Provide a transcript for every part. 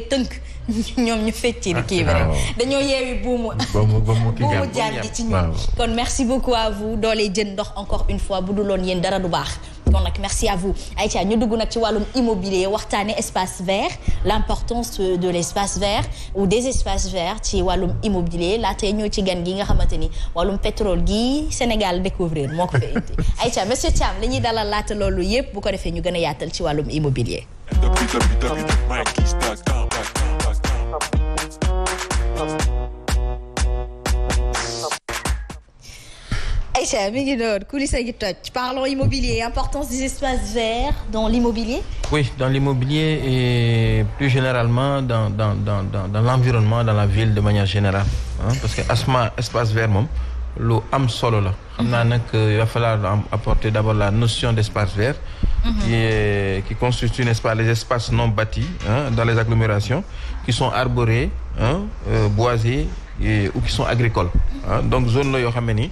tënk ñoom ñu feccee di kii ba ah, dañoo yeewi buumu buumu jaan ci ñun kon merci beaucoup à vous doolee jën ndox encore une fois bu duloon yéen dara du baax kon nag merci à vous Aïcha ñu dugg nag ci wàllum immobilier waxtaane espace vert l'importance de l'espace vert ou des espaces verts ci wàllum immobilier laatee ñoo ci gan gi nga xamante ni wàllum pétrole gi Sénégal découvrir moo ko fee indi Aïcha monsieur Thiam la ñuy dalal laata loolu yépp bu ko defee ñu gën a yaatal ci wàllum immobilier Aïcha mi ngi noonu coulisse a ngi toj parlons immobilier importance des espaces verts dans l'immobilier oui dans l'immobilier et plus généralement dans dans dans dans, dans l'environnement dans la ville de manière générale hein, parce que asma espace vert moom lu am solo la xam naa nag euh, il va falloir apporter d'abord la notion d'espace vert mhm. qui est, qui constitue n'est-ce pas les espaces non bâtis hein, dans les agglomérations qui sont arborés euh, boisés ou qui sont agricoles donc zone la yoo xam ne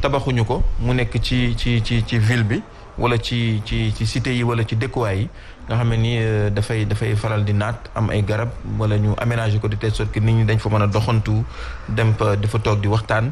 tabaxuñu ko mu nekk ci ci ci ci ville bi wala ci ci ci cité yi wala ci dëkkuwaay yi nga xam ne ni euh, dafay dafay faral di naat am ay garab wala ñu aménager ko de telle sorte nit ñi dañ fa mën a doxantu dem fa dafa toog di waxtaan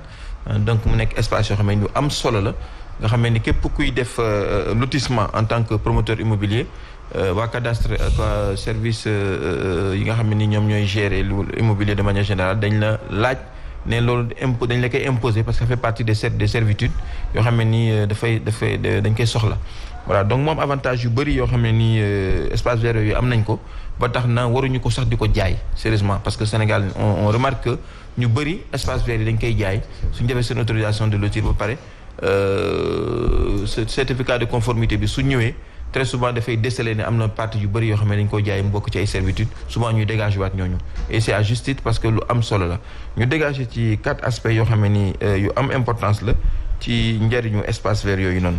euh, donc mu nekk espace yoo xam ne ñu am solo la nga xam ni képp kuy def euh, lotissement en tant que promoteur immobilier waa cadastre ak service yi nga xam ne ni ñoom ñooy gérer lu immobilier de manière général dañ la laaj ne loolu impo dañ la koy imposer parce que ça fait partie des ser yoo xam ne nii euh, dafay dafay dañ koy soxla voilà donc moom avantage yu bëri yoo xam ne nii euh, espace vert yooyu am nañ ko ba tax na waruñu ko sax di ko jaay sérieusement parce que Sénégal on remarque que ñu bëri espace vert yi dañ koy jaay suñu defee seen autorisation de lotir ba pare euh, certificat de conformité bi su ñëwee très souvent dafay déceler ne am na parti yu bëri yoo xam ne dañ ko jaay mu bokk ci ay servitude souvent ñu dégagé waat ñooñu et c' est à parce que lu am solo la ñu dégagé ci quatre aspects yoo xam ne ni euh, yu am importance la ci njëriñu espace vert yooyu noonu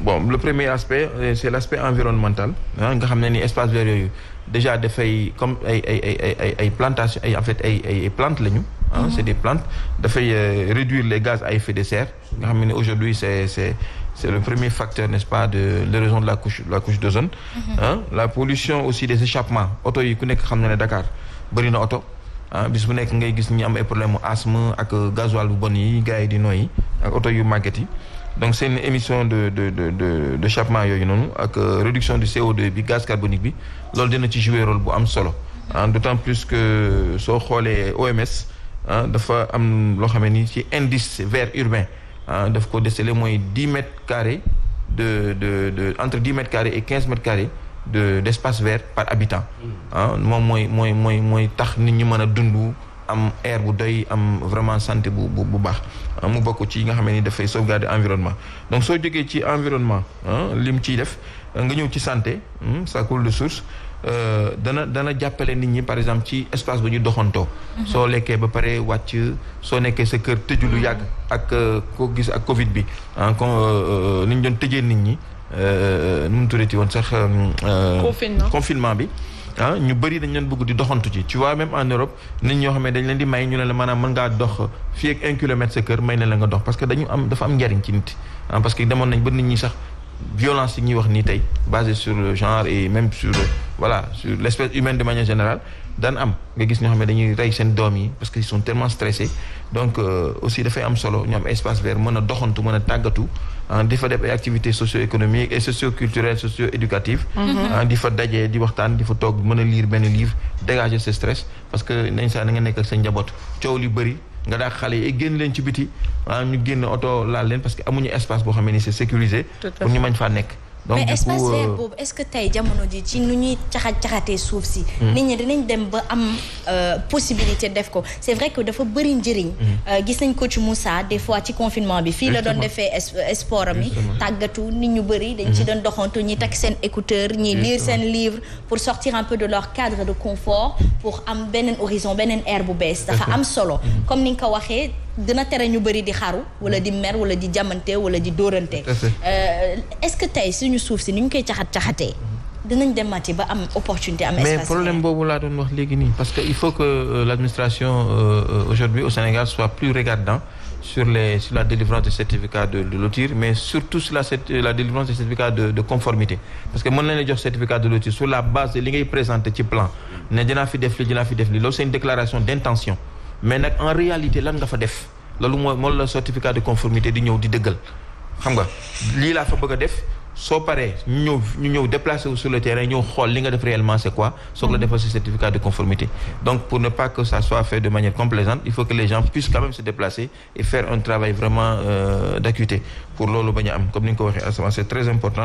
bon le premier aspect euh, c' est l' aspect environnemental ah nga xam ne ni espace vert yooyu déjà dafay comme ay ay ay ay ay plantation ay en fait ay ay plantes la ñu ah c'est des plantes dafay euh, réduire les gaz à effet de serre nga xam ne aujourd'hui c'est c'est c'est le premier facteur ne ce pas de l'érosion de la couche de la couche d'ozone ah la pollution aussi des échappements oto yi ku nekk xam na ne Dakar bëri na oto ah bu nekk ngay gis ñu am ay problème asthme ak euh, gasoil bu bon yi gars yi di nooyi ak oto yu màgget yi donc seen une émission de de de de d'échappement yooyu noonu ak euh, réduction du co bi gaz carbonique bi loolu dina ci jouer rôle bu am solo ah d'autant plus que soo xoolee OMS Ah, dafa am loo xam ne ni ci indice vert urbain ah, daf ko décelé mooy dix mètres carrés de de de entre dix mètres carrés et quinze mètres carrés de d' vert par habitant. Hmm. ah moom mooy mooy mooy mooy tax nit ñi mën a dund am air bu doy am vraiment santé bu bu bu baax ah, mu bokk ci yi nga xam ne ni dafay sauvegarder environnement donc soo jógee ci environnement lim ciy def nga ñëw ci santé hmm, ça coule de source. Euh, dana dana jàppale nit ñi par exemple ci espace bu ñu doxantoo. Mhm. soo lekkee ba pare wàcc soo nekkee sa kër tëju lu mhm. yàgg ak euh, koo gis ak Covid bi ah kon euh, ni ñu doon tëjee nit ñi nu mu tuddati woon sax. confinement confinement bi. ah ñu bëri dañ leen bëgg di doxantu ci tu vois même en Europe nit ñoo xam ne dañ leen di may ñu ne la maanaam mën ngaa dox fi ak un kilomètre sa kër may na la nga dox parce que dañu am dafa am njariñ ci nit ah parce que demoon nañ ba nit ñi sax. violence yi ñuy wax nii tey basée sur le genre et même sur voilà sur l'espèce humaine de manière générale daan am nga gis ñoo xam ne dañuy rey seen doom yi parce qu'ils sont tellement stressés donc euh, aussi dafay am solo ñu am espace vert mën a doxantu mën a tàggatu di fa def ay activités socio-économiques et socio-culturelles socio-éducatives mm-hmm. di fa dajee di waxtaan di fa toog mën a lire benn livre dégager ce stress parce que nañ saa na nga nekk ak n njaboot coow bëri nga daal xale yi génn leen ci biti maanaam ñu génn oto laal leen parce que amuñu espace boo xam ne ni c'est sécurisé pour ñu mañ faa nekk donc mais espace vert euh, boobu est-ce que tey jamono ji ci nu ñuy caxat caxatee suuf si. Hmm. nit ñi danañ dem ba am euh, possibilité def ko c'est vrai que dafa bëri njëriñ. Hmm. Euh, gis nañ ko ci Moussa des fois ci confinement bi. fii la doon defee sport yi tàggatu nit ñu bëri dañ ci hmm. doon doxantu ñi takk seen écouteur ñi lire seen livre pour sortir un peu de leur cadre de confort pour am beneen horizon beneen air bu bees. dafa am solo comme ni nga ko waxee. dina tere ñu bëri di xaru wala di mer wala di jamante wala di dóorante euh, est-ce que tey suñu suuf si ni ñu koy caxat-caxatee dinañ demati ba am opportunité am espace mais problème boobu laa doon wax léegi nii parce que il faut que euh, l'administration euh, aujourd'hui au Sénégal soit plus regardant sur les sur la délivrance des certificats de de mais surtout sur la la délivrance des certificats de conformité parce que mën nañ la jox certificat de lotir sur la base li ngay plan ne dinaa fi def li fi def li loolu c'est une déclaration mais nag en réalité lan nga fa def loolu mooy moom la certificat de conformité di ñëw di dëggal xam nga lii laa fa bëgg def soo paree ñu ñëw ñu ñëw déplacé wu sur le terrain ñëw xool li nga def réellement c'est quoi soog la mm-hmm. defal ce certificat de conformité donc pour ne pas que ça soit fait de manière complaisante il faut que les gens puissent quand même se déplacer et faire un travail vraiment euh, pour loolu bañ a am comme ni nga ko waxee asamaan c'est très important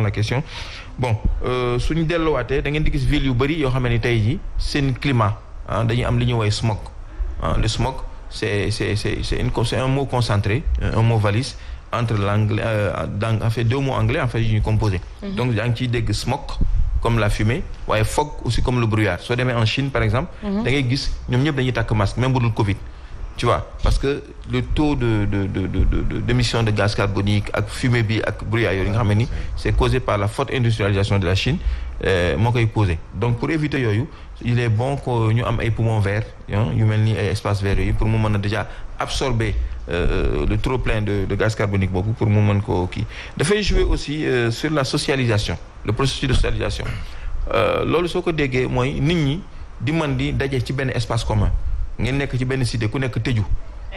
bon euh, suñu delluwaatee da ngeen di gis ville yu bëri yoo xam ne tey jii seen climat ah dañuy am li ñuy woowee smog Hein, le smoke, c'est un mot concentré, un mot valise entre l'anglais, euh, en fait deux mots anglais en fait ñu composé. Mm-hmm. donc yaa ngi ciy dégg smoke comme la fumée waaye fog aussi comme le brouillard soo demee en Chine par exemple. Mm-hmm. da ngay gis ñoom ñëpp dañuy takk masque même bu Covid. ci waa parce que le taux de de de de de d'émission de gaz carbonique ak fumée bi ak brouillard yooyu nga xam ne ni c'est causé par la forte industrialisation de la Chine euh, moo koy causé donc pour éviter yooyu il est bon que ñu am ay poumons verts yu mel ni ay espaces verts yooyu pour mu mën a déjà absorber euh, euh, le trop plein de de gaz carbonique boobu pour mu mën ko kii dafay jouer aussi sur la socialisation le processus de socialisation loolu soo ko déggee mooy nit ñi di mën di dajee ci benn espace commun ngeen nekk ci benn cité ku nekk tëju.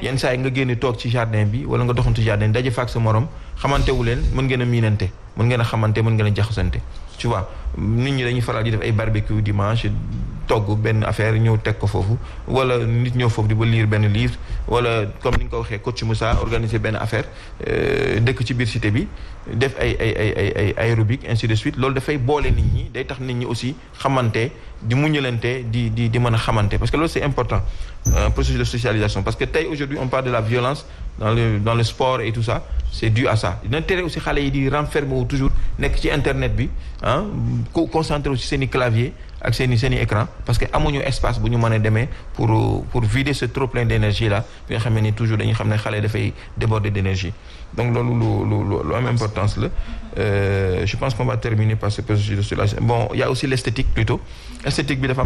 yenn saa yi nga génn toog ci jardin bi wala nga doxantu jardin daje faak sa morom xamante leen mën ngeen a miinante mën ngeen a xamante mën ngeen a jaxasante tu vois nit ñi dañuy faral di def ay barbecue dimanche togg benn affaire ñëw teg ko foofu wala nit ñëw foofu di ba lire benn livre wala comme ni nga ko waxee coach Moussa organiser benn affaire euh, dëkk ci biir cité bi def ay ay ay ay ay aérobic ainsi de suite loolu dafay boole nit ñi day tax nit ñi aussi xamante di muñalante di di di mën a xamante parce que loolu c'est important euh, processus de socialisation parce que tey aujourd'hui on parle de la violence dans le dans le sport et tout ça c'est dû à ça dina tere aussi xale yi di renfermer wu toujours nekk ci internet bi ah ko aussi seen i clavier ak seen i seen i écran parce que amuñu espace bu ñu manee demee pour pour vider ce trop plein d'énergie là nga xam ne toujours dañuy xam ne xale dafay déborder d'énergie donc loolu lu lu lu am importance la euh, je pense qu'on va terminer par ce processus de soulagement bon il y a am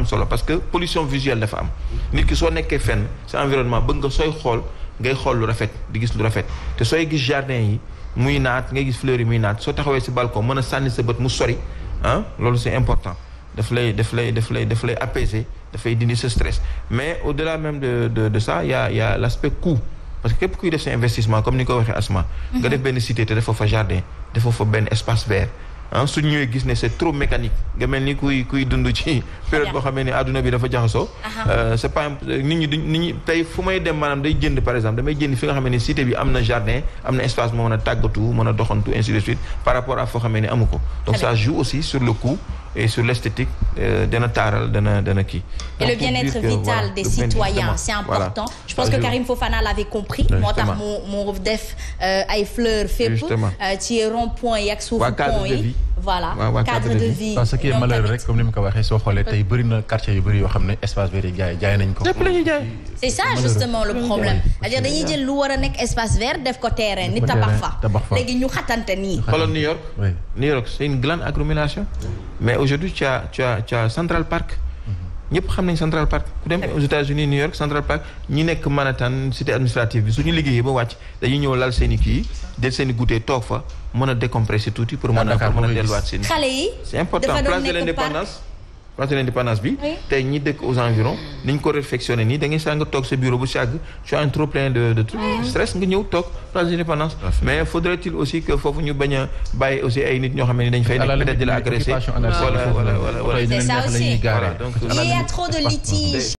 solo parce que pollution visuelle dafa am nit ki soo nekkee fenn sa environnement bëg nga sooy xool ngay xool lu rafet di gis lu rafet te sooy gis jardin yi muy naat ngay gis fleurs yi muy naat soo taxawee si balcon mën a sànni sa bët mu sori ah, loolu c'est important daf lay daf lay daf lay daf lay apaiser dafay dindi sa stress mais au-delà même de de de ça y a a l'aspect coût parce que képp kuy def sa investissement comme ni ko waxee Asma. nga mhm. def benn cité te dafa fa jardin dafa fa benn espace vert. ah suñ ñëwee gis ne c'est trop mécanique nga mel ni kuy kuy dund ci période boo xamee ne adduna bi dafa jaxasoo euh, c'est pas nit ñi nit ñi tey fu may dem maanaam day jënd par exemple damay jënd fi nga xamee ne cité bi am na jardin am na espace moo mën a tàggatu mën a doxantu ainsi de suite par rapport à foo xamee ne amu ko donc ça joue aussi sur le coût et sur l'esthétique euh, dana taaral dana dana kii. et le bien-être vital des citoyens c'est important. je pense ah, que Karim Fofana l'avait compris. moo tax mu mu def euh, ay fleurs fépp. Euh, ci rond-point yi ak suufu pont yi voilà cadre de vie parce que malheur rek comme ni mu ko waxee soo xoolee tey bëri na quartier yu bëri yoo xam ne espace vert yi jaay jaay nañ ko lépp la ñuy jaay c'est ça justement le problème c'est-à-dire dañuy jël lu war a nekk espace vert def ko terrain ni tabax fa tabax fa léegi ñu xatante nii xoolal New York New York c'est une grande agglomération mais aujourd'hui tu as tu as tu as Central Park ñëpp xam nañ Central Park ku dem aux États-Unis New York Central Park ñi nekk Manhattan cité administrative bi suñu liggéeyee ba wàcc dañuy ñëw lal seen kii del seen i toog fa mën a décompresser tuuti pour mën a ah, pour a delluwaat seen xale yi place de l'indépendance bi. tey ñi dëkk aux environs. ni ñu ko réflexionné nii da ngay saa nga toog sa bureau bu si àgg un trop plein de de stress nga ñëw toog place de mais faudrait-il aussi que foofu ñu bañ a bàyyi aussi ay nit ñoo xam ne dañ fay nekk peut-être di la agressé. voilà voilà voilà c'est ça aussi il y trop de litiges.